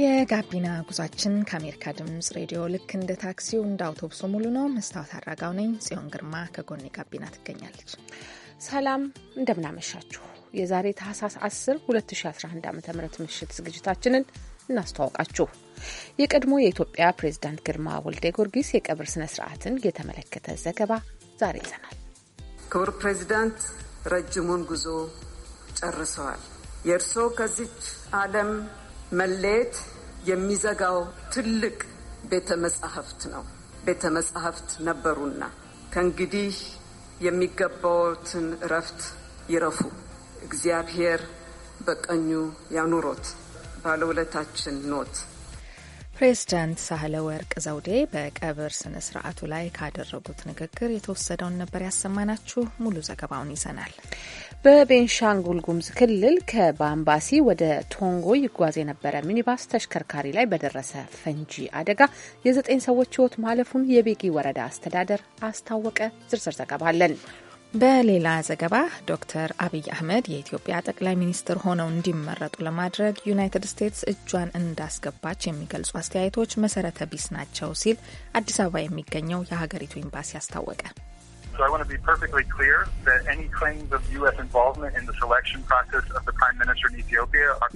የጋቢና ጉዟችን ከአሜሪካ ድምጽ ሬዲዮ ልክ እንደ ታክሲው እንደ አውቶቡሱ ሙሉ ነው። መስታወት አድራጋው ነኝ። ጽዮን ግርማ ከጎኔ ጋቢና ትገኛለች። ሰላም እንደምናመሻችሁ። የዛሬ ታህሳስ 10 2011 ዓ ም ምሽት ዝግጅታችንን እናስተዋውቃችሁ። የቀድሞ የኢትዮጵያ ፕሬዝዳንት ግርማ ወልደ ጊዮርጊስ የቀብር ስነ ስርዓትን የተመለከተ ዘገባ ዛሬ ይዘናል። ክቡር ፕሬዝዳንት ረጅሙን ጉዞ ጨርሰዋል። የእርስዎ ከዚች ዓለም መለየት የሚዘጋው ትልቅ ቤተ መጻሕፍት ነው። ቤተ መጻሕፍት ነበሩና ከእንግዲህ የሚገባዎትን እረፍት ይረፉ። እግዚአብሔር በቀኙ ያኑሮት። ባለውለታችን ኖት። ፕሬዝዳንት ሳህለ ወርቅ ዘውዴ በቀብር ስነ ስርዓቱ ላይ ካደረጉት ንግግር የተወሰደውን ነበር ያሰማናችሁ። ሙሉ ዘገባውን ይዘናል። በቤንሻንጉል ጉምዝ ክልል ከባምባሲ ወደ ቶንጎ ይጓዝ የነበረ ሚኒባስ ተሽከርካሪ ላይ በደረሰ ፈንጂ አደጋ የዘጠኝ ሰዎች ህይወት ማለፉን የቤጊ ወረዳ አስተዳደር አስታወቀ። ዝርዝር ዘገባ አለን። በሌላ ዘገባ ዶክተር አብይ አህመድ የኢትዮጵያ ጠቅላይ ሚኒስትር ሆነው እንዲመረጡ ለማድረግ ዩናይትድ ስቴትስ እጇን እንዳስገባች የሚገልጹ አስተያየቶች መሰረተ ቢስ ናቸው ሲል አዲስ አበባ የሚገኘው የሀገሪቱ ኤምባሲ አስታወቀ።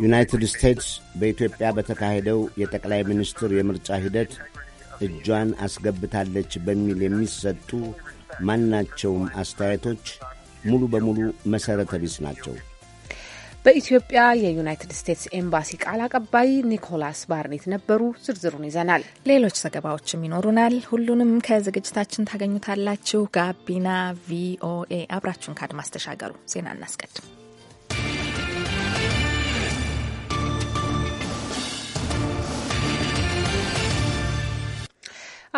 ዩናይትድ ስቴትስ በኢትዮጵያ በተካሄደው የጠቅላይ ሚኒስትር የምርጫ ሂደት እጇን አስገብታለች በሚል የሚሰጡ ማናቸውም አስተያየቶች ሙሉ በሙሉ መሠረተ ቢስ ናቸው። በኢትዮጵያ የዩናይትድ ስቴትስ ኤምባሲ ቃል አቀባይ ኒኮላስ ባርኔት ነበሩ። ዝርዝሩን ይዘናል። ሌሎች ዘገባዎችም ይኖሩናል። ሁሉንም ከዝግጅታችን ታገኙታላችሁ። ጋቢና ቪኦኤ፣ አብራችሁን ከአድማስ ተሻገሩ። ዜና እናስቀድም።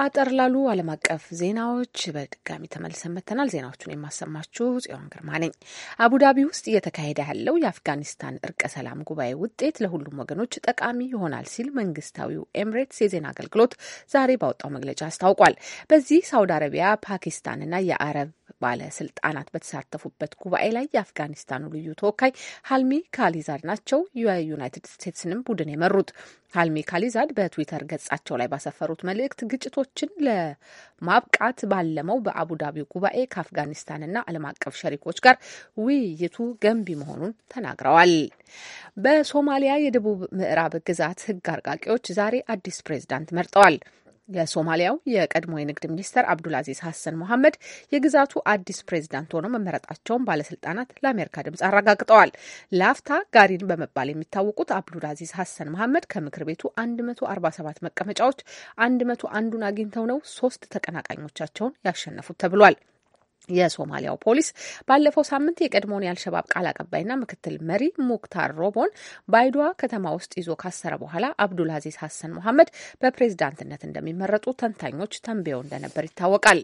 አጠር ላሉ ዓለም አቀፍ ዜናዎች በድጋሚ ተመልሰን መተናል። ዜናዎቹን የማሰማችሁ ጽዮን ግርማ ነኝ። አቡዳቢ ውስጥ እየተካሄደ ያለው የአፍጋኒስታን እርቀ ሰላም ጉባኤ ውጤት ለሁሉም ወገኖች ጠቃሚ ይሆናል ሲል መንግስታዊው ኤምሬትስ የዜና አገልግሎት ዛሬ ባወጣው መግለጫ አስታውቋል። በዚህ ሳውዲ አረቢያ፣ ፓኪስታንና የአረብ ባለስልጣናት በተሳተፉበት ጉባኤ ላይ የአፍጋኒስታኑ ልዩ ተወካይ ሀልሚ ካሊዛድ ናቸው የዩናይትድ ስቴትስንም ቡድን የመሩት። ሀልሚ ካሊዛድ በትዊተር ገጻቸው ላይ ባሰፈሩት መልእክት ግጭቶችን ለማብቃት ባለመው በአቡዳቢው ጉባኤ ከአፍጋኒስታንና ዓለም አቀፍ ሸሪኮች ጋር ውይይቱ ገንቢ መሆኑን ተናግረዋል። በሶማሊያ የደቡብ ምዕራብ ግዛት ህግ አርቃቂዎች ዛሬ አዲስ ፕሬዝዳንት መርጠዋል። የሶማሊያው የቀድሞ የንግድ ሚኒስትር አብዱልአዚዝ ሀሰን ሞሐመድ የግዛቱ አዲስ ፕሬዚዳንት ሆነው መመረጣቸውን ባለስልጣናት ለአሜሪካ ድምጽ አረጋግጠዋል። ላፍታ ጋሪን በመባል የሚታወቁት አብዱልአዚዝ ሀሰን መሐመድ ከምክር ቤቱ 147 መቀመጫዎች 101 ን አግኝተው ነው ሶስት ተቀናቃኞቻቸውን ያሸነፉት ተብሏል። የሶማሊያው ፖሊስ ባለፈው ሳምንት የቀድሞውን የአልሸባብ ቃል አቀባይና ምክትል መሪ ሙክታር ሮቦን ባይዶዋ ከተማ ውስጥ ይዞ ካሰረ በኋላ አብዱል አዚዝ ሀሰን ሞሐመድ በፕሬዝዳንትነት እንደሚመረጡ ተንታኞች ተንብየው እንደነበር ይታወቃል።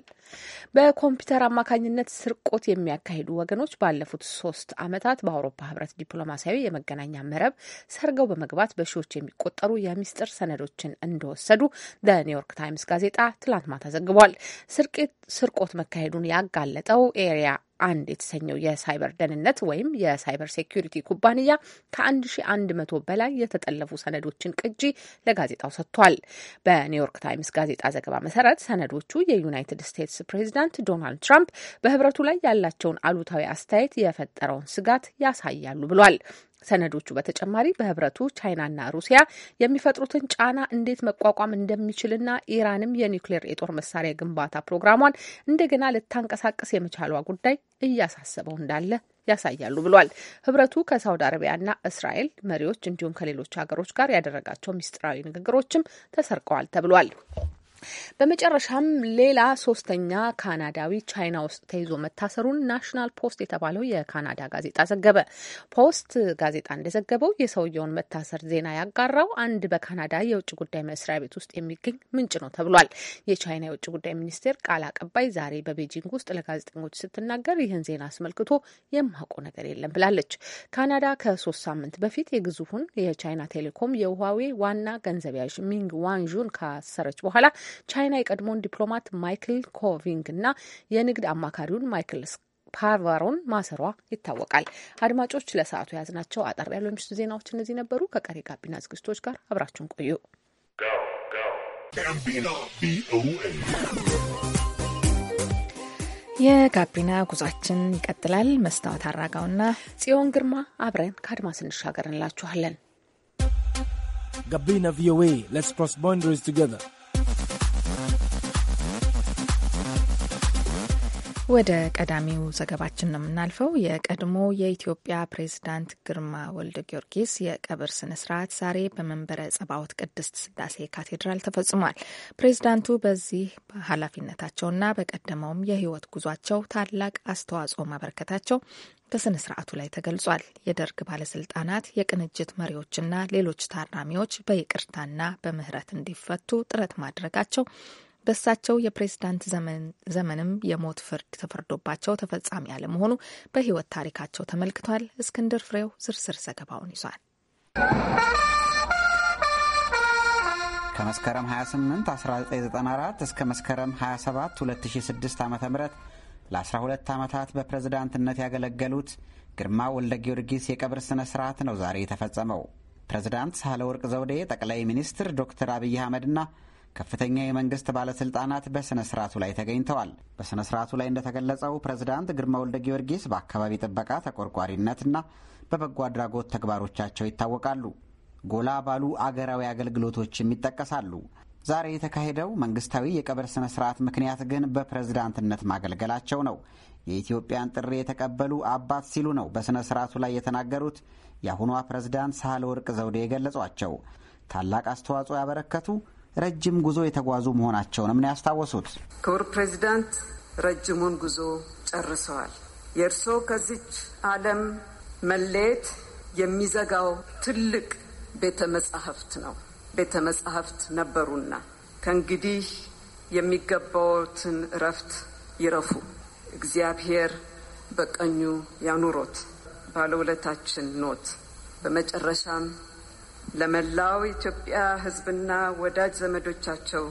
በኮምፒውተር አማካኝነት ስርቆት የሚያካሂዱ ወገኖች ባለፉት ሶስት ዓመታት በአውሮፓ ህብረት ዲፕሎማሲያዊ የመገናኛ መረብ ሰርገው በመግባት በሺዎች የሚቆጠሩ የሚስጥር ሰነዶችን እንደወሰዱ ደ ኒውዮርክ ታይምስ ጋዜጣ ትላንት ማታ ዘግቧል። ስርቆት መካሄዱን ያጋ የተጋለጠው ኤሪያ አንድ የተሰኘው የሳይበር ደህንነት ወይም የሳይበር ሴኩሪቲ ኩባንያ ከ1100 በላይ የተጠለፉ ሰነዶችን ቅጂ ለጋዜጣው ሰጥቷል። በኒውዮርክ ታይምስ ጋዜጣ ዘገባ መሰረት ሰነዶቹ የዩናይትድ ስቴትስ ፕሬዚዳንት ዶናልድ ትራምፕ በህብረቱ ላይ ያላቸውን አሉታዊ አስተያየት የፈጠረውን ስጋት ያሳያሉ ብሏል። ሰነዶቹ በተጨማሪ በህብረቱ ቻይናና ሩሲያ የሚፈጥሩትን ጫና እንዴት መቋቋም እንደሚችልና ኢራንም የኒውክሌር የጦር መሳሪያ ግንባታ ፕሮግራሟን እንደገና ልታንቀሳቀስ የመቻሏ ጉዳይ እያሳሰበው እንዳለ ያሳያሉ ብሏል። ህብረቱ ከሳውዲ አረቢያና እስራኤል መሪዎች እንዲሁም ከሌሎች ሀገሮች ጋር ያደረጋቸው ምስጢራዊ ንግግሮችም ተሰርቀዋል ተብሏል። በመጨረሻም ሌላ ሶስተኛ ካናዳዊ ቻይና ውስጥ ተይዞ መታሰሩን ናሽናል ፖስት የተባለው የካናዳ ጋዜጣ ዘገበ። ፖስት ጋዜጣ እንደዘገበው የሰውየውን መታሰር ዜና ያጋራው አንድ በካናዳ የውጭ ጉዳይ መስሪያ ቤት ውስጥ የሚገኝ ምንጭ ነው ተብሏል። የቻይና የውጭ ጉዳይ ሚኒስቴር ቃል አቀባይ ዛሬ በቤጂንግ ውስጥ ለጋዜጠኞች ስትናገር ይህን ዜና አስመልክቶ የማውቀው ነገር የለም ብላለች። ካናዳ ከሶስት ሳምንት በፊት የግዙፉን የቻይና ቴሌኮም የሁዋዌ ዋና ገንዘብ ያዥ ሚንግ ዋንዡን ካሰረች በኋላ ቻይና የቀድሞውን ዲፕሎማት ማይክል ኮቪንግ እና የንግድ አማካሪውን ማይክል ፓቫሮን ማሰሯ ይታወቃል። አድማጮች ለሰዓቱ የያዝናቸው አጠር ያሉ የምሽቱ ዜናዎች እነዚህ ነበሩ። ከቀሪ ጋቢና ዝግጅቶች ጋር አብራችሁን ቆዩ። የጋቢና ጉዟችን ይቀጥላል። መስታወት አራጋውና ጽዮን ግርማ አብረን ከአድማስ እንሻገር እንላችኋለን። ጋቢና ቪኦኤ ሌትስ ክሮስ ባውንደሪስ ቱጌዘር ወደ ቀዳሚው ዘገባችን ነው የምናልፈው። የቀድሞ የኢትዮጵያ ፕሬዝዳንት ግርማ ወልደ ጊዮርጊስ የቀብር ስነ ስርዓት ዛሬ በመንበረ ጸባዖት ቅድስት ስላሴ ካቴድራል ተፈጽሟል። ፕሬዝዳንቱ በዚህ ኃላፊነታቸውና በቀደመውም የህይወት ጉዟቸው ታላቅ አስተዋጽኦ ማበረከታቸው በስነ ስርዓቱ ላይ ተገልጿል። የደርግ ባለስልጣናት፣ የቅንጅት መሪዎችና ሌሎች ታራሚዎች በይቅርታና በምህረት እንዲፈቱ ጥረት ማድረጋቸው በእሳቸው የፕሬዝዳንት ዘመንም የሞት ፍርድ ተፈርዶባቸው ተፈጻሚ ያለመሆኑ በህይወት ታሪካቸው ተመልክቷል። እስክንድር ፍሬው ዝርዝር ዘገባውን ይዟል። ከመስከረም 28 1994 እስከ መስከረም 27 2006 ዓ ም ለ12 ዓመታት በፕሬዝዳንትነት ያገለገሉት ግርማ ወልደ ጊዮርጊስ የቀብር ሥነ ሥርዓት ነው ዛሬ የተፈጸመው። ፕሬዝዳንት ወርቅ ዘውዴ፣ ጠቅላይ ሚኒስትር ዶክተር አብይ አህመድና ከፍተኛ የመንግስት ባለስልጣናት በሥነ ሥርዓቱ ላይ ተገኝተዋል። በሥነ ሥርዓቱ ላይ እንደተገለጸው ፕሬዝዳንት ግርማ ወልደ ጊዮርጊስ በአካባቢ ጥበቃ ተቆርቋሪነትና በበጎ አድራጎት ተግባሮቻቸው ይታወቃሉ። ጎላ ባሉ አገራዊ አገልግሎቶችም ይጠቀሳሉ። ዛሬ የተካሄደው መንግስታዊ የቀብር ሥነ ሥርዓት ምክንያት ግን በፕሬዝዳንትነት ማገልገላቸው ነው። የኢትዮጵያን ጥሪ የተቀበሉ አባት ሲሉ ነው በሥነ ሥርዓቱ ላይ የተናገሩት የአሁኗ ፕሬዝዳንት ሳህለ ወርቅ ዘውዴ የገለጿቸው ታላቅ አስተዋጽኦ ያበረከቱ ረጅም ጉዞ የተጓዙ መሆናቸውንም ነው ያስታወሱት። ክቡር ፕሬዚዳንት ረጅሙን ጉዞ ጨርሰዋል። የእርስዎ ከዚች ዓለም መለየት የሚዘጋው ትልቅ ቤተ መጻሕፍት ነው። ቤተ መጻሕፍት ነበሩና ከእንግዲህ የሚገባዎትን እረፍት ይረፉ። እግዚአብሔር በቀኙ ያኑሮት። ባለውለታችን ኖት። በመጨረሻም ለመላው ኢትዮጵያ ሕዝብና ወዳጅ ዘመዶቻቸው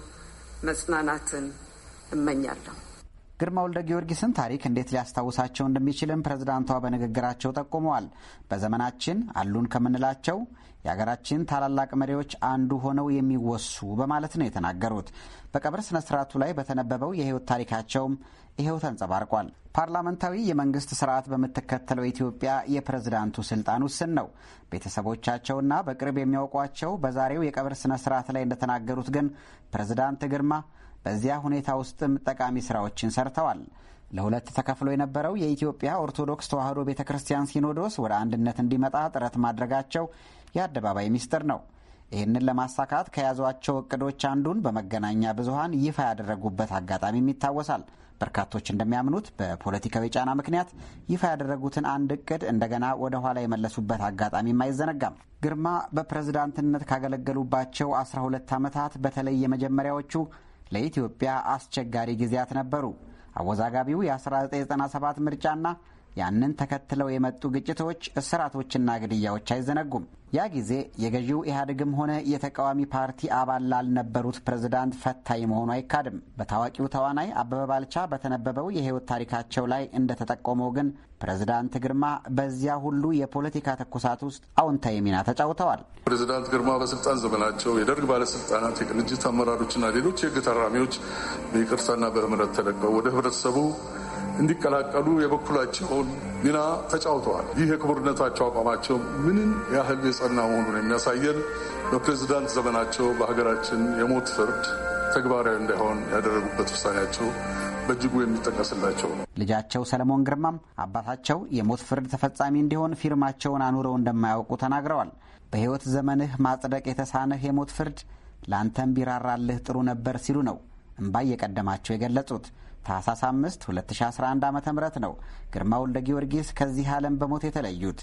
መጽናናትን እመኛለሁ። ግርማ ወልደ ጊዮርጊስን ታሪክ እንዴት ሊያስታውሳቸው እንደሚችልም ፕሬዝዳንቷ በንግግራቸው ጠቁመዋል። በዘመናችን አሉን ከምንላቸው የሀገራችን ታላላቅ መሪዎች አንዱ ሆነው የሚወሱ በማለት ነው የተናገሩት። በቀብር ስነ ስርዓቱ ላይ በተነበበው የህይወት ታሪካቸውም ይኸው ተንጸባርቋል። ፓርላመንታዊ የመንግስት ስርዓት በምትከተለው ኢትዮጵያ የፕሬዝዳንቱ ስልጣን ውስን ነው። ቤተሰቦቻቸውና በቅርብ የሚያውቋቸው በዛሬው የቀብር ስነ ስርዓት ላይ እንደተናገሩት ግን ፕሬዝዳንት ግርማ በዚያ ሁኔታ ውስጥም ጠቃሚ ስራዎችን ሰርተዋል። ለሁለት ተከፍሎ የነበረው የኢትዮጵያ ኦርቶዶክስ ተዋሕዶ ቤተ ክርስቲያን ሲኖዶስ ወደ አንድነት እንዲመጣ ጥረት ማድረጋቸው የአደባባይ ሚስጥር ነው። ይህንን ለማሳካት ከያዟቸው እቅዶች አንዱን በመገናኛ ብዙሃን ይፋ ያደረጉበት አጋጣሚም ይታወሳል። በርካቶች እንደሚያምኑት በፖለቲካዊ ጫና ምክንያት ይፋ ያደረጉትን አንድ እቅድ እንደገና ወደ ኋላ የመለሱበት አጋጣሚም አይዘነጋም። ግርማ በፕሬዝዳንትነት ካገለገሉባቸው 12 ዓመታት በተለይ የመጀመሪያዎቹ ለኢትዮጵያ አስቸጋሪ ጊዜያት ነበሩ። አወዛጋቢው የ1997 ምርጫና ያንን ተከትለው የመጡ ግጭቶች፣ እስራቶችና ግድያዎች አይዘነጉም። ያ ጊዜ የገዢው ኢህአዴግም ሆነ የተቃዋሚ ፓርቲ አባል ላልነበሩት ፕሬዝዳንት ፈታኝ መሆኑ አይካድም። በታዋቂው ተዋናይ አበበ ባልቻ በተነበበው የህይወት ታሪካቸው ላይ እንደተጠቆመው ግን ፕሬዝዳንት ግርማ በዚያ ሁሉ የፖለቲካ ተኩሳት ውስጥ አዎንታዊ ሚና ተጫውተዋል። ፕሬዝዳንት ግርማ በስልጣን ዘመናቸው የደርግ ባለስልጣናት፣ የቅንጅት አመራሮችና ሌሎች የህግ ታራሚዎች በይቅርታና በምህረት ተለቀው ወደ ህብረተሰቡ እንዲቀላቀሉ የበኩላቸውን ሚና ተጫውተዋል። ይህ የክቡርነታቸው አቋማቸው ምንም ያህል የጸና መሆኑን የሚያሳየን በፕሬዚዳንት ዘመናቸው በሀገራችን የሞት ፍርድ ተግባራዊ እንዳይሆን ያደረጉበት ውሳኔያቸው በእጅጉ የሚጠቀስላቸው ነው። ልጃቸው ሰለሞን ግርማም አባታቸው የሞት ፍርድ ተፈጻሚ እንዲሆን ፊርማቸውን አኑረው እንደማያውቁ ተናግረዋል። በሕይወት ዘመንህ ማጽደቅ የተሳነህ የሞት ፍርድ ለአንተም ቢራራልህ ጥሩ ነበር ሲሉ ነው እምባ እየቀደማቸው የገለጹት። ታህሳስ 5 2011 ዓ ም ነው ግርማ ወልደ ጊዮርጊስ ከዚህ ዓለም በሞት የተለዩት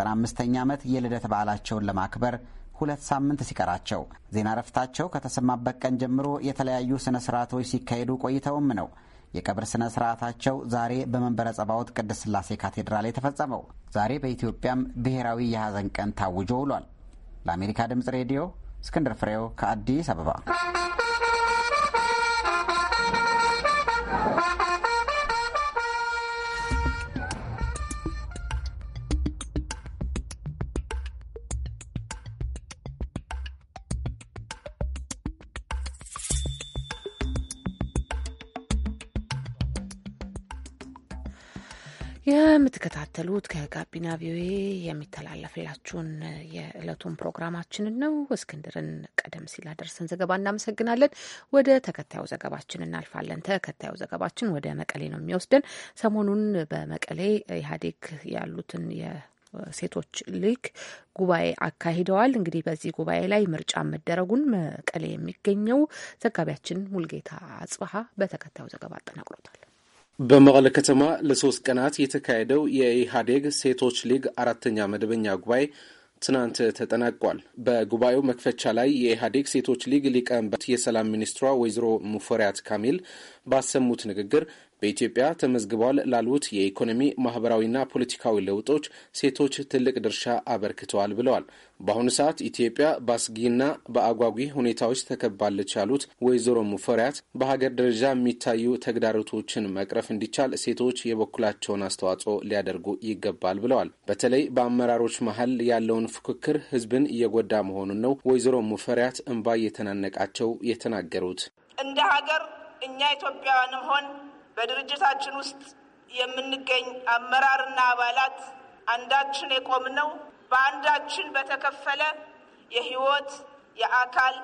95ኛ ዓመት የልደት በዓላቸውን ለማክበር ሁለት ሳምንት ሲቀራቸው ዜና እረፍታቸው ከተሰማበት ቀን ጀምሮ የተለያዩ ሥነ ሥርዓቶች ሲካሄዱ ቆይተውም ነው የቀብር ሥነ ሥርዓታቸው ዛሬ በመንበረ ጸባዖት ቅድስት ስላሴ ካቴድራል የተፈጸመው። ዛሬ በኢትዮጵያም ብሔራዊ የሐዘን ቀን ታውጆ ውሏል። ለአሜሪካ ድምፅ ሬዲዮ እስክንድር ፍሬው ከአዲስ አበባ የምትከታተሉት ከጋቢና ቪዮኤ የሚተላለፍላችሁን የዕለቱን ፕሮግራማችንን ነው። እስክንድርን ቀደም ሲል አደረሰን ዘገባ እናመሰግናለን። ወደ ተከታዩ ዘገባችን እናልፋለን። ተከታዩ ዘገባችን ወደ መቀሌ ነው የሚወስደን። ሰሞኑን በመቀሌ ኢህአዴግ ያሉትን የሴቶች ሊግ ጉባኤ አካሂደዋል። እንግዲህ በዚህ ጉባኤ ላይ ምርጫ መደረጉን መቀሌ የሚገኘው ዘጋቢያችን ሙልጌታ አጽብሃ በተከታዩ ዘገባ አጠናቅሮታል። በመቀለ ከተማ ለሶስት ቀናት የተካሄደው የኢህአዴግ ሴቶች ሊግ አራተኛ መደበኛ ጉባኤ ትናንት ተጠናቋል። በጉባኤው መክፈቻ ላይ የኢህአዴግ ሴቶች ሊግ ሊቀመንበር የሰላም ሚኒስትሯ ወይዘሮ ሙፈሪያት ካሚል ባሰሙት ንግግር በኢትዮጵያ ተመዝግቧል ላሉት የኢኮኖሚ ማህበራዊና ፖለቲካዊ ለውጦች ሴቶች ትልቅ ድርሻ አበርክተዋል ብለዋል። በአሁኑ ሰዓት ኢትዮጵያ በአስጊና በአጓጊ ሁኔታዎች ተከባለች ያሉት ወይዘሮ ሙፈሪያት በሀገር ደረጃ የሚታዩ ተግዳሮቶችን መቅረፍ እንዲቻል ሴቶች የበኩላቸውን አስተዋጽኦ ሊያደርጉ ይገባል ብለዋል። በተለይ በአመራሮች መሀል ያለውን ፉክክር ህዝብን እየጎዳ መሆኑን ነው ወይዘሮ ሙፈሪያት እንባ እየተናነቃቸው የተናገሩት። እንደ ሀገር እኛ ኢትዮጵያውያንም ሆን በድርጅታችን ውስጥ የምንገኝ አመራርና አባላት አንዳችን የቆምነው በአንዳችን በተከፈለ የህይወት የአካል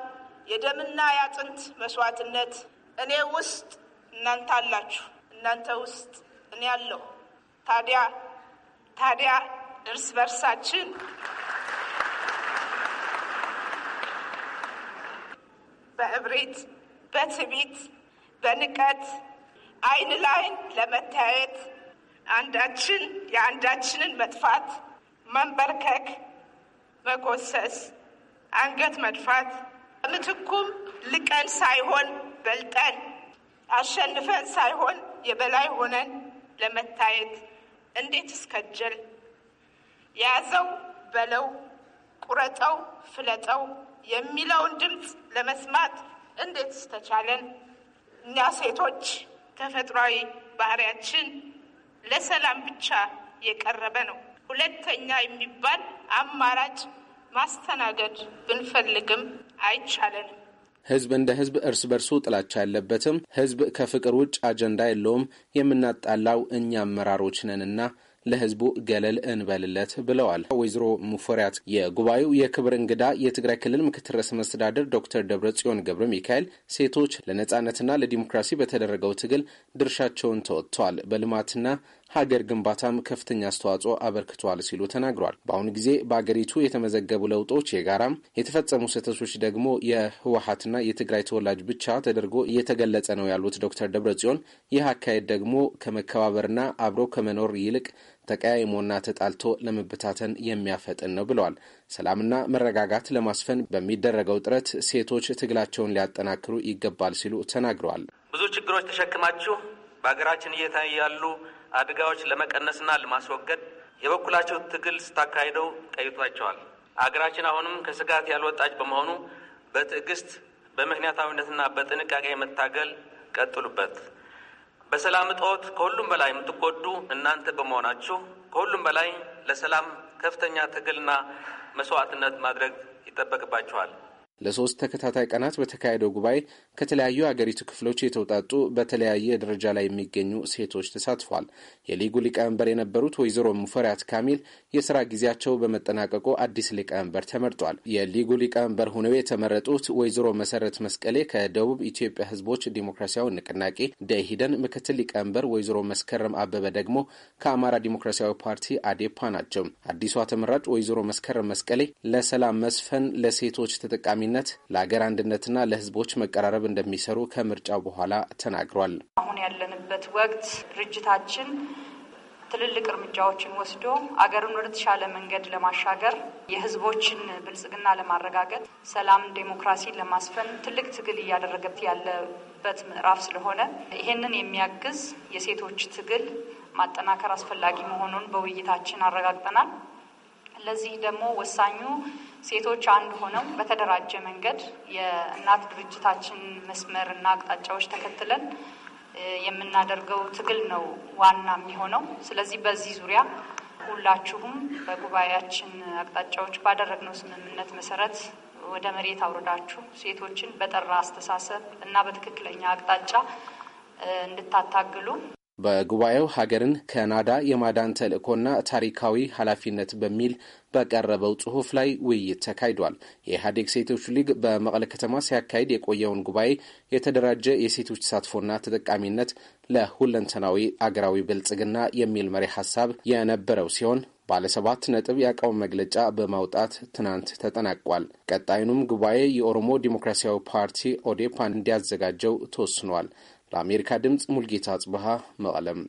የደምና የአጥንት መስዋዕትነት እኔ ውስጥ እናንተ አላችሁ፣ እናንተ ውስጥ እኔ አለሁ። ታዲያ ታዲያ እርስ በርሳችን በእብሪት፣ በትዕቢት፣ በንቀት አይን ላይን ለመታየት አንዳችን የአንዳችንን መጥፋት፣ መንበርከክ፣ መኮሰስ፣ አንገት መድፋት ምትኩም ልቀን ሳይሆን በልጠን አሸንፈን ሳይሆን የበላይ ሆነን ለመታየት እንዴት እስከጀል ያዘው በለው ቁረጠው ፍለጠው የሚለውን ድምፅ ለመስማት እንዴት ስተቻለን እኛ ሴቶች ተፈጥሯዊ ባህሪያችን ለሰላም ብቻ የቀረበ ነው። ሁለተኛ የሚባል አማራጭ ማስተናገድ ብንፈልግም አይቻለንም። ህዝብ እንደ ህዝብ እርስ በርሱ ጥላቻ ያለበትም ህዝብ ከፍቅር ውጭ አጀንዳ የለውም። የምናጣላው እኛ አመራሮች ነንና ለህዝቡ ገለል እንበልለት ብለዋል። ወይዘሮ ሙፈሪያት የጉባኤው የክብር እንግዳ የትግራይ ክልል ምክትል ርዕሰ መስተዳደር ዶክተር ደብረ ጽዮን ገብረ ሚካኤል ሴቶች ለነጻነትና ለዲሞክራሲ በተደረገው ትግል ድርሻቸውን ተወጥተዋል፣ በልማትና ሀገር ግንባታም ከፍተኛ አስተዋጽኦ አበርክቷል ሲሉ ተናግሯል። በአሁኑ ጊዜ በአገሪቱ የተመዘገቡ ለውጦች የጋራም የተፈጸሙ ስህተቶች ደግሞ የህወሀትና የትግራይ ተወላጅ ብቻ ተደርጎ እየተገለጸ ነው ያሉት ዶክተር ጽዮን ይህ አካሄድ ደግሞ ከመከባበርና አብሮ ከመኖር ይልቅ ተቀያይሞና ተጣልቶ ለመበታተን የሚያፈጥን ነው ብለዋል። ሰላምና መረጋጋት ለማስፈን በሚደረገው ጥረት ሴቶች ትግላቸውን ሊያጠናክሩ ይገባል ሲሉ ተናግረዋል። ብዙ ችግሮች ተሸክማችሁ በሀገራችን እየታዩ ያሉ አደጋዎች ለመቀነስና ለማስወገድ የበኩላቸው ትግል ስታካሂደው ቀይቷቸዋል። አገራችን አሁንም ከስጋት ያልወጣች በመሆኑ በትዕግስት በምክንያታዊነትና በጥንቃቄ መታገል ቀጥሉበት። በሰላም እጦት ከሁሉም በላይ የምትጎዱ እናንተ በመሆናችሁ ከሁሉም በላይ ለሰላም ከፍተኛ ትግልና መስዋዕትነት ማድረግ ይጠበቅባችኋል። ለሶስት ተከታታይ ቀናት በተካሄደው ጉባኤ ከተለያዩ አገሪቱ ክፍሎች የተውጣጡ በተለያየ ደረጃ ላይ የሚገኙ ሴቶች ተሳትፏል። የሊጉ ሊቀመንበር የነበሩት ወይዘሮ ሙፈሪያት ካሚል የስራ ጊዜያቸው በመጠናቀቁ አዲስ ሊቀመንበር ተመርጧል። የሊጉ ሊቀመንበር ሆነው የተመረጡት ወይዘሮ መሰረት መስቀሌ ከደቡብ ኢትዮጵያ ህዝቦች ዲሞክራሲያዊ ንቅናቄ ደኢህዴን፣ ምክትል ሊቀመንበር ወይዘሮ መስከረም አበበ ደግሞ ከአማራ ዲሞክራሲያዊ ፓርቲ አዴፓ ናቸው። አዲሷ ተመራጭ ወይዘሮ መስከረም መስቀሌ ለሰላም መስፈን፣ ለሴቶች ተጠቃሚነት፣ ለአገር አንድነትና ለህዝቦች መቀራረብ ለማቅረብ እንደሚሰሩ ከምርጫው በኋላ ተናግሯል። አሁን ያለንበት ወቅት ድርጅታችን ትልልቅ እርምጃዎችን ወስዶ አገርን ወደ ተሻለ መንገድ ለማሻገር የሕዝቦችን ብልጽግና ለማረጋገጥ ሰላም፣ ዴሞክራሲ ለማስፈን ትልቅ ትግል እያደረገበት ያለበት ምዕራፍ ስለሆነ ይሄንን የሚያግዝ የሴቶች ትግል ማጠናከር አስፈላጊ መሆኑን በውይይታችን አረጋግጠናል። ለዚህ ደግሞ ወሳኙ ሴቶች አንድ ሆነው በተደራጀ መንገድ የእናት ድርጅታችን መስመር እና አቅጣጫዎች ተከትለን የምናደርገው ትግል ነው ዋና የሚሆነው። ስለዚህ በዚህ ዙሪያ ሁላችሁም በጉባኤያችን አቅጣጫዎች ባደረግነው ስምምነት መሰረት ወደ መሬት አውርዳችሁ ሴቶችን በጠራ አስተሳሰብ እና በትክክለኛ አቅጣጫ እንድታታግሉ በጉባኤው ሀገርን ከናዳ የማዳን ተልዕኮና ታሪካዊ ኃላፊነት በሚል በቀረበው ጽሑፍ ላይ ውይይት ተካሂዷል። የኢህአዴግ ሴቶች ሊግ በመቀለ ከተማ ሲያካሂድ የቆየውን ጉባኤ የተደራጀ የሴቶች ተሳትፎና ተጠቃሚነት ለሁለንተናዊ አገራዊ ብልጽግና የሚል መሪ ሀሳብ የነበረው ሲሆን ባለሰባት ነጥብ የአቋም መግለጫ በማውጣት ትናንት ተጠናቋል። ቀጣዩንም ጉባኤ የኦሮሞ ዲሞክራሲያዊ ፓርቲ ኦዴፓን እንዲያዘጋጀው ተወስኗል። ለአሜሪካ ድምፅ ሙልጌታ ጽብሃ መቐለም።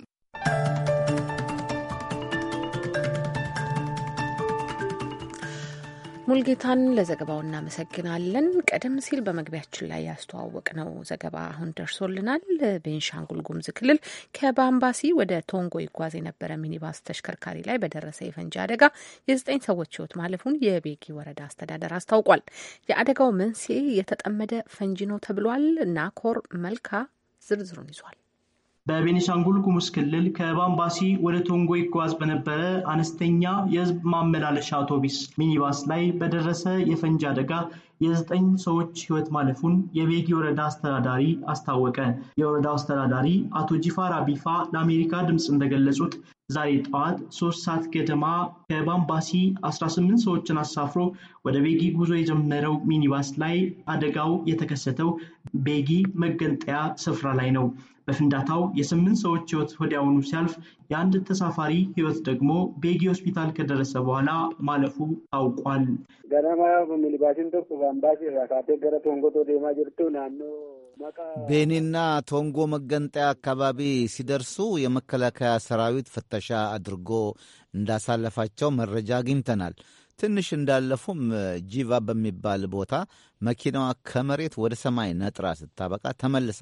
ሙልጌታን ለዘገባው እናመሰግናለን። ቀደም ሲል በመግቢያችን ላይ ያስተዋወቅ ነው ዘገባ አሁን ደርሶልናል። ቤንሻንጉል ጉሙዝ ክልል ከባምባሲ ወደ ቶንጎ ይጓዝ የነበረ ሚኒባስ ተሽከርካሪ ላይ በደረሰ የፈንጂ አደጋ የዘጠኝ ሰዎች ሕይወት ማለፉን የቤጊ ወረዳ አስተዳደር አስታውቋል። የአደጋው መንስኤ የተጠመደ ፈንጂ ነው ተብሏል። ናኮር መልካ ዝርዝሩን ይዟል። በቤኒሻንጉል ጉሙዝ ክልል ከባምባሲ ወደ ቶንጎ ይጓዝ በነበረ አነስተኛ የህዝብ ማመላለሻ አውቶቢስ ሚኒባስ ላይ በደረሰ የፈንጂ አደጋ የዘጠኝ ሰዎች ህይወት ማለፉን የቤጊ ወረዳ አስተዳዳሪ አስታወቀ። የወረዳው አስተዳዳሪ አቶ ጂፋር አቢፋ ለአሜሪካ ድምፅ እንደገለጹት ዛሬ ጠዋት ሶስት ሰዓት ገደማ ከባምባሲ 18 ሰዎችን አሳፍሮ ወደ ቤጊ ጉዞ የጀመረው ሚኒባስ ላይ አደጋው የተከሰተው ቤጊ መገንጠያ ስፍራ ላይ ነው። በፍንዳታው የስምንት ሰዎች ህይወት ወዲያውኑ ሲያልፍ የአንድ ተሳፋሪ ህይወት ደግሞ ቤጊ ሆስፒታል ከደረሰ በኋላ ማለፉ ታውቋል። ቤኒና ቶንጎ መገንጠያ አካባቢ ሲደርሱ የመከላከያ ሰራዊት ፍተሻ አድርጎ እንዳሳለፋቸው መረጃ አግኝተናል። ትንሽ እንዳለፉም ጂቫ በሚባል ቦታ መኪናዋ ከመሬት ወደ ሰማይ ነጥራ ስታበቃ ተመልሳ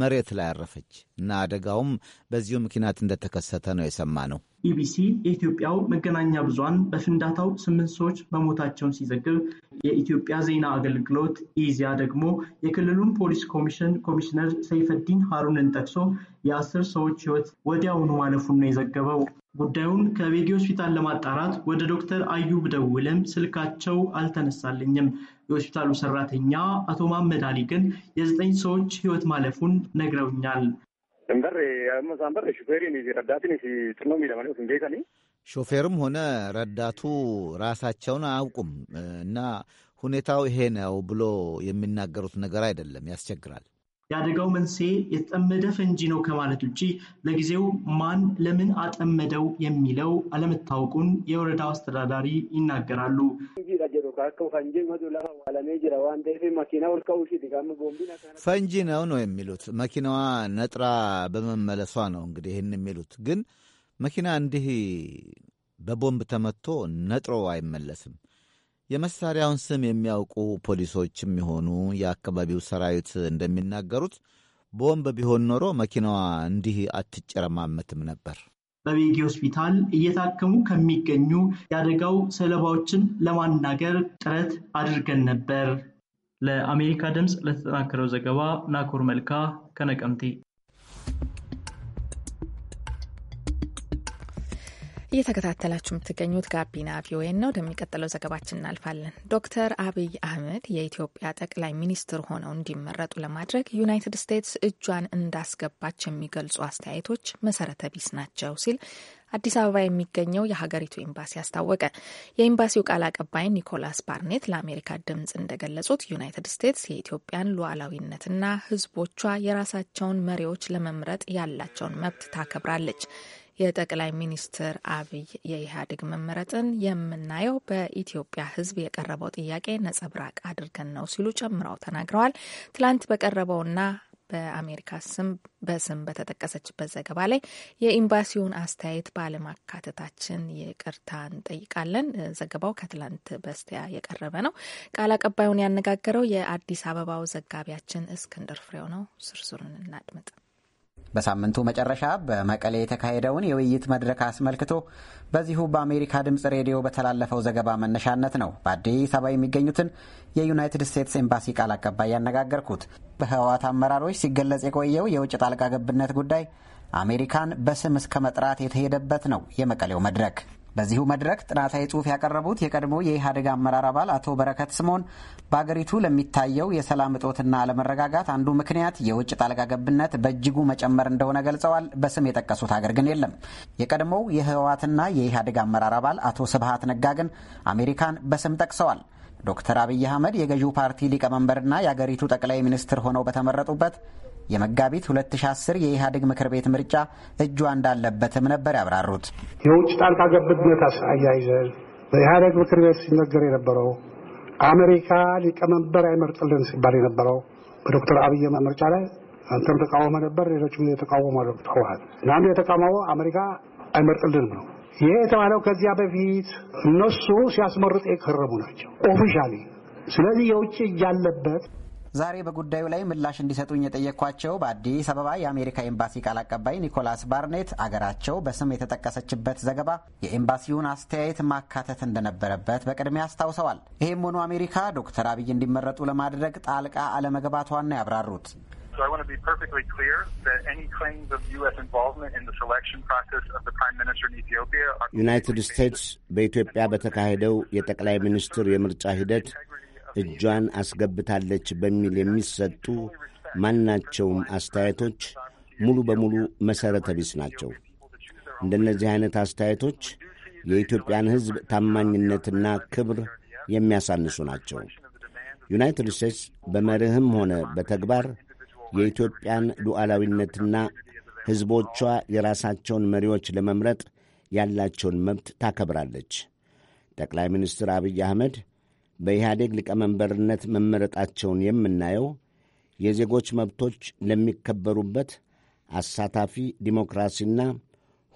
መሬት ላይ አረፈች እና አደጋውም በዚሁ ምክንያት እንደተከሰተ ነው ነው። ኢቢሲ የኢትዮጵያው መገናኛ ብዙሃን በፍንዳታው ስምንት ሰዎች መሞታቸውን ሲዘግብ የኢትዮጵያ ዜና አገልግሎት ኢዚያ ደግሞ የክልሉን ፖሊስ ኮሚሽን ኮሚሽነር ሰይፈዲን ሀሩንን ጠቅሶ የአስር ሰዎች ሕይወት ወዲያውኑ ማለፉን ነው የዘገበው። ጉዳዩን ከቤጊ ሆስፒታል ለማጣራት ወደ ዶክተር አዩብ ደውልም ስልካቸው አልተነሳልኝም። የሆስፒታሉ ሰራተኛ አቶ ማመድ አሊ ግን የዘጠኝ ሰዎች ህይወት ማለፉን ነግረውኛል። ሾፌርም ሆነ ረዳቱ ራሳቸውን አያውቁም እና ሁኔታው ይሄ ነው ብሎ የሚናገሩት ነገር አይደለም፣ ያስቸግራል። የአደጋው መንስኤ የተጠመደ ፈንጂ ነው ከማለት ውጭ ለጊዜው ማን ለምን አጠመደው የሚለው አለመታወቁን የወረዳው አስተዳዳሪ ይናገራሉ። ፈንጂ ነው ነው የሚሉት መኪናዋ ነጥራ በመመለሷ ነው እንግዲህ ይህን የሚሉት ግን መኪና እንዲህ በቦምብ ተመቶ ነጥሮ አይመለስም። የመሳሪያውን ስም የሚያውቁ ፖሊሶችም የሆኑ የአካባቢው ሰራዊት እንደሚናገሩት ቦምብ ቢሆን ኖሮ መኪናዋ እንዲህ አትጨረማመትም ነበር። በቤጊ ሆስፒታል እየታከሙ ከሚገኙ የአደጋው ሰለባዎችን ለማናገር ጥረት አድርገን ነበር። ለአሜሪካ ድምፅ ለተጠናከረው ዘገባ ናኮር መልካ ከነቀምቴ እየተከታተላችሁ የምትገኙት ጋቢና ቪኦኤ ነው። ወደሚቀጥለው ዘገባችን እናልፋለን። ዶክተር አብይ አህመድ የኢትዮጵያ ጠቅላይ ሚኒስትር ሆነው እንዲመረጡ ለማድረግ ዩናይትድ ስቴትስ እጇን እንዳስገባች የሚገልጹ አስተያየቶች መሰረተ ቢስ ናቸው ሲል አዲስ አበባ የሚገኘው የሀገሪቱ ኤምባሲ አስታወቀ። የኤምባሲው ቃል አቀባይ ኒኮላስ ባርኔት ለአሜሪካ ድምፅ እንደገለጹት ዩናይትድ ስቴትስ የኢትዮጵያን ሉዓላዊነትና ሕዝቦቿ የራሳቸውን መሪዎች ለመምረጥ ያላቸውን መብት ታከብራለች። የጠቅላይ ሚኒስትር አብይ የኢህአዴግ መመረጥን የምናየው በኢትዮጵያ ሕዝብ የቀረበው ጥያቄ ነጸብራቅ አድርገን ነው ሲሉ ጨምረው ተናግረዋል። ትላንት በቀረበውና በአሜሪካ ስም በስም በተጠቀሰችበት ዘገባ ላይ የኤምባሲውን አስተያየት ባለማካተታችን ይቅርታ እንጠይቃለን። ዘገባው ከትላንት በስቲያ የቀረበ ነው። ቃል አቀባዩን ያነጋገረው የአዲስ አበባው ዘጋቢያችን እስክንድር ፍሬው ነው። ዝርዝሩን እናድምጥ። በሳምንቱ መጨረሻ በመቀሌ የተካሄደውን የውይይት መድረክ አስመልክቶ በዚሁ በአሜሪካ ድምፅ ሬዲዮ በተላለፈው ዘገባ መነሻነት ነው በአዲስ አበባ የሚገኙትን የዩናይትድ ስቴትስ ኤምባሲ ቃል አቀባይ ያነጋገርኩት። በህወሓት አመራሮች ሲገለጽ የቆየው የውጭ ጣልቃ ገብነት ጉዳይ አሜሪካን በስም እስከ መጥራት የተሄደበት ነው የመቀሌው መድረክ። በዚሁ መድረክ ጥናታዊ ጽሁፍ ያቀረቡት የቀድሞ የኢህአዴግ አመራር አባል አቶ በረከት ስምኦን በአገሪቱ ለሚታየው የሰላም እጦትና አለመረጋጋት አንዱ ምክንያት የውጭ ጣልቃ ገብነት በእጅጉ መጨመር እንደሆነ ገልጸዋል። በስም የጠቀሱት አገር ግን የለም። የቀድሞው የህወሓትና የኢህአዴግ አመራር አባል አቶ ስብሀት ነጋ ግን አሜሪካን በስም ጠቅሰዋል። ዶክተር አብይ አህመድ የገዢው ፓርቲ ሊቀመንበርና የአገሪቱ ጠቅላይ ሚኒስትር ሆነው በተመረጡበት የመጋቢት 2010 የኢህአዴግ ምክር ቤት ምርጫ እጇ እንዳለበትም ነበር ያብራሩት። የውጭ ጣልቃ ገብነት አያይዘን በኢህአዴግ ምክር ቤት ሲነገር የነበረው አሜሪካ ሊቀመንበር አይመርጥልን ሲባል የነበረው በዶክተር አብይ ምርጫ ላይ አንተም ተቃወመ ነበር፣ ሌሎችም የተቃወሙ ተዋል እና አንዱ የተቃወመው አሜሪካ አይመርጥልንም ነው። ይሄ የተባለው ከዚያ በፊት እነሱ ሲያስመርጥ የከረሙ ናቸው ኦፊሻሊ። ስለዚህ የውጭ እጅ ዛሬ በጉዳዩ ላይ ምላሽ እንዲሰጡኝ የጠየቅኳቸው በአዲስ አበባ የአሜሪካ ኤምባሲ ቃል አቀባይ ኒኮላስ ባርኔት አገራቸው በስም የተጠቀሰችበት ዘገባ የኤምባሲውን አስተያየት ማካተት እንደነበረበት በቅድሚያ አስታውሰዋል። ይህም ሆኖ አሜሪካ ዶክተር አብይ እንዲመረጡ ለማድረግ ጣልቃ አለመግባቷን ነው ያብራሩት። So I want to be perfectly clear that any claims of U.S. involvement in the selection process of the Prime Minister in Ethiopia are... ዩናይትድ ስቴትስ በኢትዮጵያ በተካሄደው የጠቅላይ ሚኒስትር የምርጫ ሂደት እጇን አስገብታለች በሚል የሚሰጡ ማናቸውም አስተያየቶች ሙሉ በሙሉ መሠረተ ቢስ ናቸው። እንደነዚህ አይነት አስተያየቶች የኢትዮጵያን ሕዝብ ታማኝነትና ክብር የሚያሳንሱ ናቸው። ዩናይትድ ስቴትስ በመርህም ሆነ በተግባር የኢትዮጵያን ሉዓላዊነትና ሕዝቦቿ የራሳቸውን መሪዎች ለመምረጥ ያላቸውን መብት ታከብራለች። ጠቅላይ ሚኒስትር አብይ አህመድ በኢህአዴግ ሊቀመንበርነት መመረጣቸውን የምናየው የዜጎች መብቶች ለሚከበሩበት አሳታፊ ዲሞክራሲና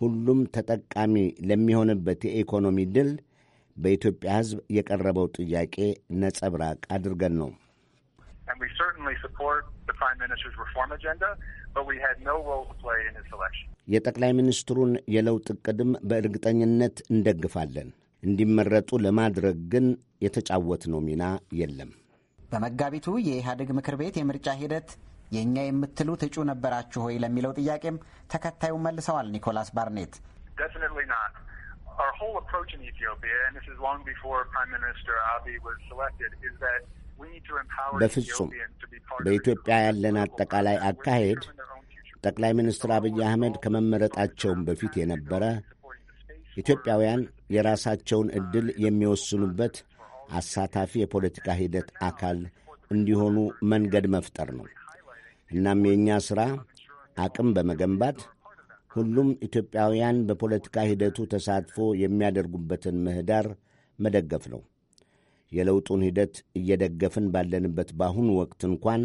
ሁሉም ተጠቃሚ ለሚሆንበት የኢኮኖሚ ድል በኢትዮጵያ ሕዝብ የቀረበው ጥያቄ ነጸብራቅ አድርገን ነው። የጠቅላይ ሚኒስትሩን የለውጥ ዕቅድም በእርግጠኝነት እንደግፋለን። እንዲመረጡ ለማድረግ ግን የተጫወትነው ሚና የለም። በመጋቢቱ የኢህአዴግ ምክር ቤት የምርጫ ሂደት የእኛ የምትሉት እጩ ነበራችሁ ሆይ ለሚለው ጥያቄም ተከታዩን መልሰዋል ኒኮላስ ባርኔት። በፍጹም በኢትዮጵያ ያለን አጠቃላይ አካሄድ ጠቅላይ ሚኒስትር አብይ አህመድ ከመመረጣቸውም በፊት የነበረ ኢትዮጵያውያን የራሳቸውን ዕድል የሚወስኑበት አሳታፊ የፖለቲካ ሂደት አካል እንዲሆኑ መንገድ መፍጠር ነው። እናም የእኛ ሥራ አቅም በመገንባት ሁሉም ኢትዮጵያውያን በፖለቲካ ሂደቱ ተሳትፎ የሚያደርጉበትን ምህዳር መደገፍ ነው። የለውጡን ሂደት እየደገፍን ባለንበት በአሁኑ ወቅት እንኳን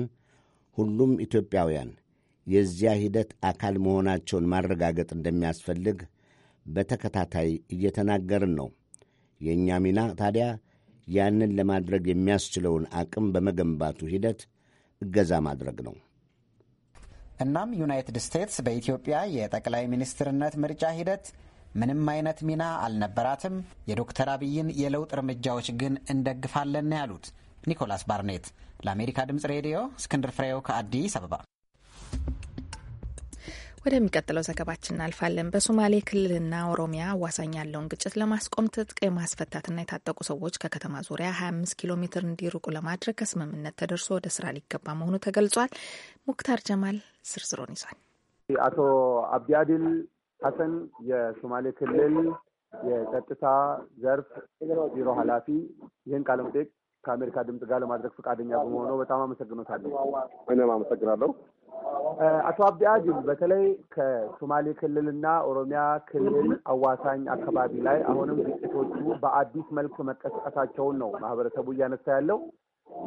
ሁሉም ኢትዮጵያውያን የዚያ ሂደት አካል መሆናቸውን ማረጋገጥ እንደሚያስፈልግ በተከታታይ እየተናገርን ነው። የእኛ ሚና ታዲያ ያንን ለማድረግ የሚያስችለውን አቅም በመገንባቱ ሂደት እገዛ ማድረግ ነው። እናም ዩናይትድ ስቴትስ በኢትዮጵያ የጠቅላይ ሚኒስትርነት ምርጫ ሂደት ምንም አይነት ሚና አልነበራትም፣ የዶክተር አብይን የለውጥ እርምጃዎች ግን እንደግፋለን ያሉት ኒኮላስ ባርኔት። ለአሜሪካ ድምፅ ሬዲዮ እስክንድር ፍሬው ከአዲስ አበባ ወደሚቀጥለው ዘገባችን እናልፋለን። በሶማሌ ክልልና ኦሮሚያ አዋሳኝ ያለውን ግጭት ለማስቆም ትጥቅ የማስፈታትና የታጠቁ ሰዎች ከከተማ ዙሪያ 25 ኪሎ ሜትር እንዲርቁ ለማድረግ ከስምምነት ተደርሶ ወደ ስራ ሊገባ መሆኑ ተገልጿል። ሙክታር ጀማል ዝርዝሩን ይዟል። አቶ አብዲ ሀሰን የሶማሌ ክልል የጸጥታ ዘርፍ ቢሮ ኃላፊ ይህን ቃለ መጠይቅ ከአሜሪካ ድምፅ ጋር ለማድረግ ፈቃደኛ በመሆነው በጣም አመሰግኖታለሁ። እኔም አመሰግናለሁ። አቶ አብዲ በተለይ ከሶማሌ ክልልና ኦሮሚያ ክልል አዋሳኝ አካባቢ ላይ አሁንም ግጭቶቹ በአዲስ መልክ መቀስቀሳቸውን ነው ማህበረሰቡ እያነሳ ያለው።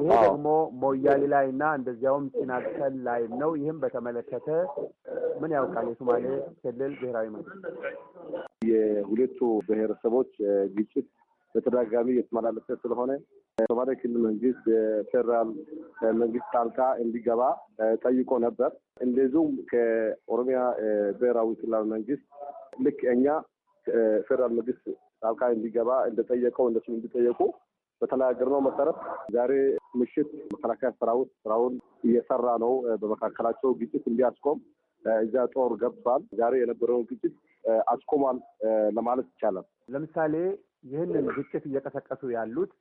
ይሄ ደግሞ ሞያሌ ላይ እና እንደዚያውም ጭናክሰል ላይ ነው። ይህም በተመለከተ ምን ያውቃል የሶማሌ ክልል ብሔራዊ መንግስት? የሁለቱ ብሔረሰቦች ግጭት በተደጋጋሚ እየተመላለሰ ስለሆነ የሶማሌ ክልል መንግስት የፌደራል መንግስት ጣልቃ እንዲገባ ጠይቆ ነበር። እንደዚሁም ከኦሮሚያ ብሔራዊ ክልላዊ መንግስት ልክ እኛ ፌዴራል መንግስት ጣልቃ እንዲገባ እንደጠየቀው እንደሱ እንዲጠየቁ በተነጋገርነው መሰረት ዛሬ ምሽት መከላከያ ሰራዊት ስራውን እየሰራ ነው። በመካከላቸው ግጭት እንዲያስቆም እዛ ጦር ገብቷል። ዛሬ የነበረውን ግጭት አስቆሟል ለማለት ይቻላል። ለምሳሌ ይህንን ግጭት እየቀሰቀሱ ያሉት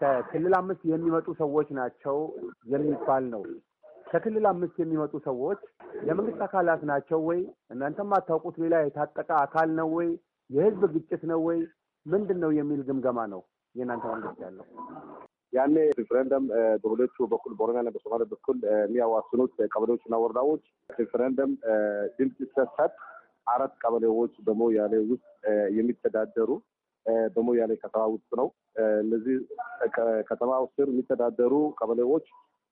ከክልል አምስት የሚመጡ ሰዎች ናቸው የሚባል ነው። ከክልል አምስት የሚመጡ ሰዎች የመንግስት አካላት ናቸው ወይ? እናንተ አታውቁት ሌላ የታጠቀ አካል ነው ወይ? የህዝብ ግጭት ነው ወይ? ምንድን ነው የሚል ግምገማ ነው የእናንተ መንግስት ያለው። ያኔ ሪፍረንደም በሁለቱ በኩል በኦሮሚያና በሶማሌ በኩል የሚያዋስኑት ቀበሌዎችና ወረዳዎች ሪፍረንደም ድምፅ ሰሰት አራት ቀበሌዎች በሞያሌ ውስጥ የሚተዳደሩ በሞያሌ ከተማ ውስጥ ነው። እነዚህ ከተማ ስር የሚተዳደሩ ቀበሌዎች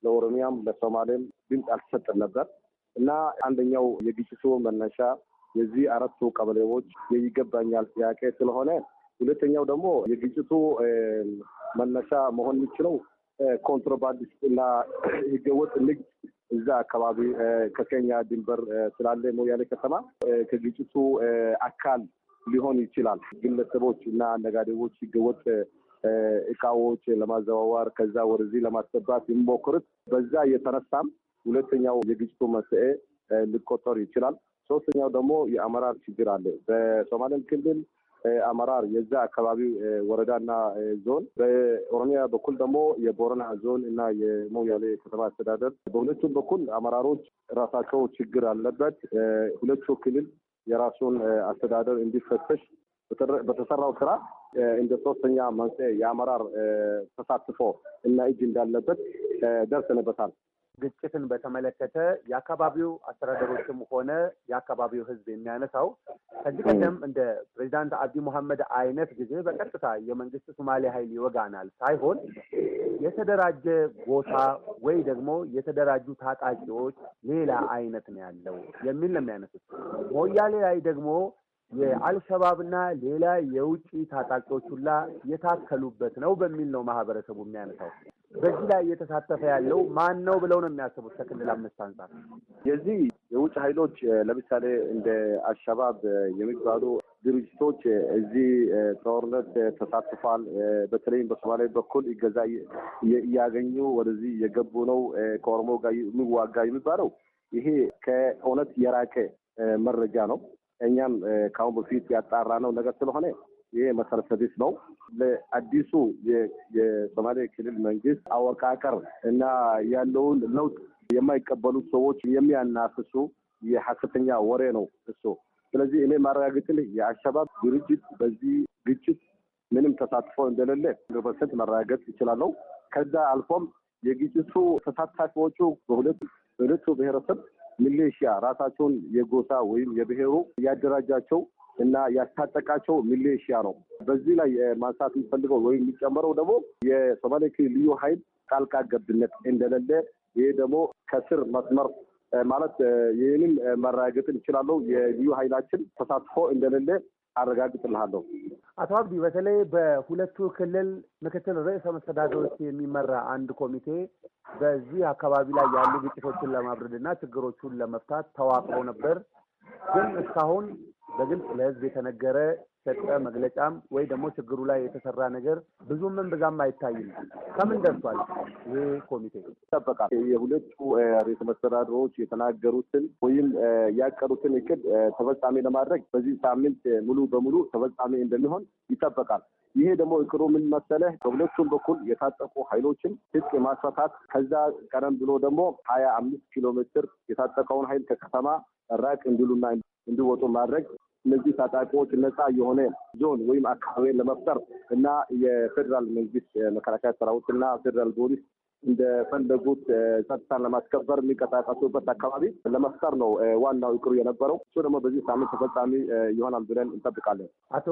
ለኦሮሚያም ለሶማሌም ድምፅ አልተሰጠም ነበር እና አንደኛው የግጭቱ መነሻ የዚህ አራቱ ቀበሌዎች የይገባኛል ጥያቄ ስለሆነ፣ ሁለተኛው ደግሞ የግጭቱ መነሻ መሆን የሚችለው ኮንትሮባንዲስት እና ህገወጥ ንግድ እዛ አካባቢ ከኬንያ ድንበር ስላለ ሞያሌ ከተማ ከግጭቱ አካል ሊሆን ይችላል። ግለሰቦች እና ነጋዴዎች ህገወጥ እቃዎች ለማዘዋወር ከዛ ወደዚህ ለማስገባት ይሞክሩት በዛ የተነሳም ሁለተኛው የግጭቱ መንስኤ ሊቆጠር ይችላል። ሶስተኛው ደግሞ የአመራር ችግር አለ። በሶማሌ ክልል አመራር የዛ አካባቢ ወረዳና ዞን፣ በኦሮሚያ በኩል ደግሞ የቦረና ዞን እና የሞያሌ ከተማ አስተዳደር፣ በሁለቱም በኩል አመራሮች ራሳቸው ችግር አለበት። ሁለቱ ክልል የራሱን አስተዳደር እንዲፈተሽ በተሰራው ስራ እንደ ሶስተኛ መንስኤ የአመራር ተሳትፎ እና እጅ እንዳለበት ደርሰንበታል። ግጭትን በተመለከተ የአካባቢው አስተዳደሮችም ሆነ የአካባቢው ህዝብ የሚያነሳው ከዚህ ቀደም እንደ ፕሬዚዳንት አብዲ መሐመድ አይነት ጊዜ በቀጥታ የመንግስት ሶማሌ ኃይል ይወጋናል ሳይሆን የተደራጀ ጎሳ ወይ ደግሞ የተደራጁ ታጣቂዎች ሌላ አይነት ነው ያለው የሚል ነው የሚያነሱት። ሞያሌ ላይ ደግሞ የአልሸባብና ሌላ የውጭ ታጣቂዎች ሁላ የታከሉበት ነው በሚል ነው ማህበረሰቡ የሚያነሳው። በዚህ ላይ እየተሳተፈ ያለው ማን ነው ብለው ነው የሚያስቡት? ከክልል አምስት አንጻር የዚህ የውጭ ኃይሎች ለምሳሌ እንደ አልሸባብ የሚባሉ ድርጅቶች እዚህ ጦርነት ተሳትፏል። በተለይም በሶማሌ በኩል ይገዛ እያገኙ ወደዚህ የገቡ ነው ከኦሮሞ ጋር የሚዋጋ የሚባለው ይሄ ከእውነት የራቀ መረጃ ነው። እኛም ከአሁን በፊት ያጣራ ነው ነገር ስለሆነ ይሄ መሰረተ ቢስ ነው። ለአዲሱ የሶማሌ ክልል መንግስት አወቃቀር እና ያለውን ለውጥ የማይቀበሉት ሰዎች የሚያናፍሱ የሐሰተኛ ወሬ ነው እሱ። ስለዚህ እኔ ማረጋገጥልህ የአሸባብ ድርጅት በዚህ ግጭት ምንም ተሳትፎ እንደሌለ ፐርሰንት መረጋገጥ ይችላለሁ። ከዛ አልፎም የግጭቱ ተሳታፊዎቹ በሁለቱ በሁለቱ ብሔረሰብ ሚሊሽያ ራሳቸውን የጎሳ ወይም የብሔሩ ያደራጃቸው እና ያስታጠቃቸው ሚሊሽያ ነው። በዚህ ላይ ማንሳት የሚፈልገው ወይም የሚጨመረው ደግሞ የሶማሌ ክልል ልዩ ኃይል ጣልቃ ገብነት እንደሌለ፣ ይህ ደግሞ ከስር መስመር ማለት ይህንን መረጋገጥ እንችላለሁ። የልዩ ኃይላችን ተሳትፎ እንደሌለ አረጋግጥልሃለሁ። አቶ አብዲ፣ በተለይ በሁለቱ ክልል ምክትል ርዕሰ መስተዳደሮች የሚመራ አንድ ኮሚቴ በዚህ አካባቢ ላይ ያሉ ግጭቶችን እና ችግሮቹን ለመፍታት ተዋቅሮ ነበር። ግን እስካሁን በግልጽ ለህዝብ የተነገረ ሰጠ መግለጫም ወይ ደግሞ ችግሩ ላይ የተሰራ ነገር ብዙም ብዛም አይታይም። ከምን ደርሷል ይህ ኮሚቴ ይጠበቃል። የሁለቱ ቤተ መስተዳድሮች የተናገሩትን ወይም ያቀዱትን እቅድ ተፈጻሚ ለማድረግ በዚህ ሳምንት ሙሉ በሙሉ ተፈጻሚ እንደሚሆን ይጠበቃል። ይሄ ደግሞ እቅዱ ምን መሰለህ፣ በሁለቱም በኩል የታጠቁ ኃይሎችን ትጥቅ የማስፈታት ከዛ ቀደም ብሎ ደግሞ ሀያ አምስት ኪሎ ሜትር የታጠቀውን ኃይል ከከተማ ራቅ እንዲሉና እንዲወጡ ማድረግ እነዚህ ታጣቂዎች ነፃ የሆነ ዞን ወይም አካባቢ ለመፍጠር እና የፌዴራል መንግስት መከላከያ ሰራዊት እና ፌዴራል ፖሊስ እንደፈለጉት ጸጥታን ለማስከበር የሚንቀሳቀሱበት አካባቢ ለመፍጠር ነው ዋናው እቅዱ የነበረው። እሱ ደግሞ በዚህ ሳምንት ተፈጻሚ ይሆናል ብለን እንጠብቃለን። አቶ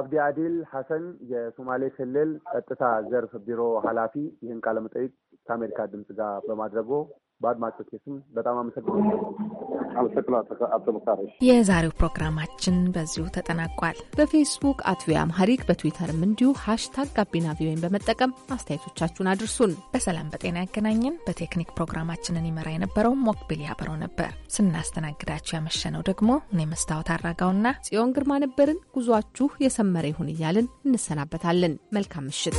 አብዲ አዲል ሐሰን የሶማሌ ክልል ጸጥታ ዘርፍ ቢሮ ኃላፊ ይህን ቃለመጠይቅ ከአሜሪካ ድምፅ ጋር በማድረጎ በአድማጮች ስም በጣም አመሰግናለሁ። የዛሬው ፕሮግራማችን በዚሁ ተጠናቋል። በፌስቡክ አት ቪኦኤ አምሃሪክ በትዊተርም እንዲሁ ሀሽታግ ጋቢና ቪኦኤን በመጠቀም አስተያየቶቻችሁን አድርሱን። በሰላም በጤና ያገናኘን። በቴክኒክ ፕሮግራማችንን ይመራ የነበረው ሞክቢል ያበረው ነበር። ስናስተናግዳችሁ ያመሸነው ደግሞ እኔ መስታወት አራጋውና ጽዮን ግርማ ነበርን። ጉዟችሁ የሰመረ ይሁን እያልን እንሰናበታለን። መልካም ምሽት።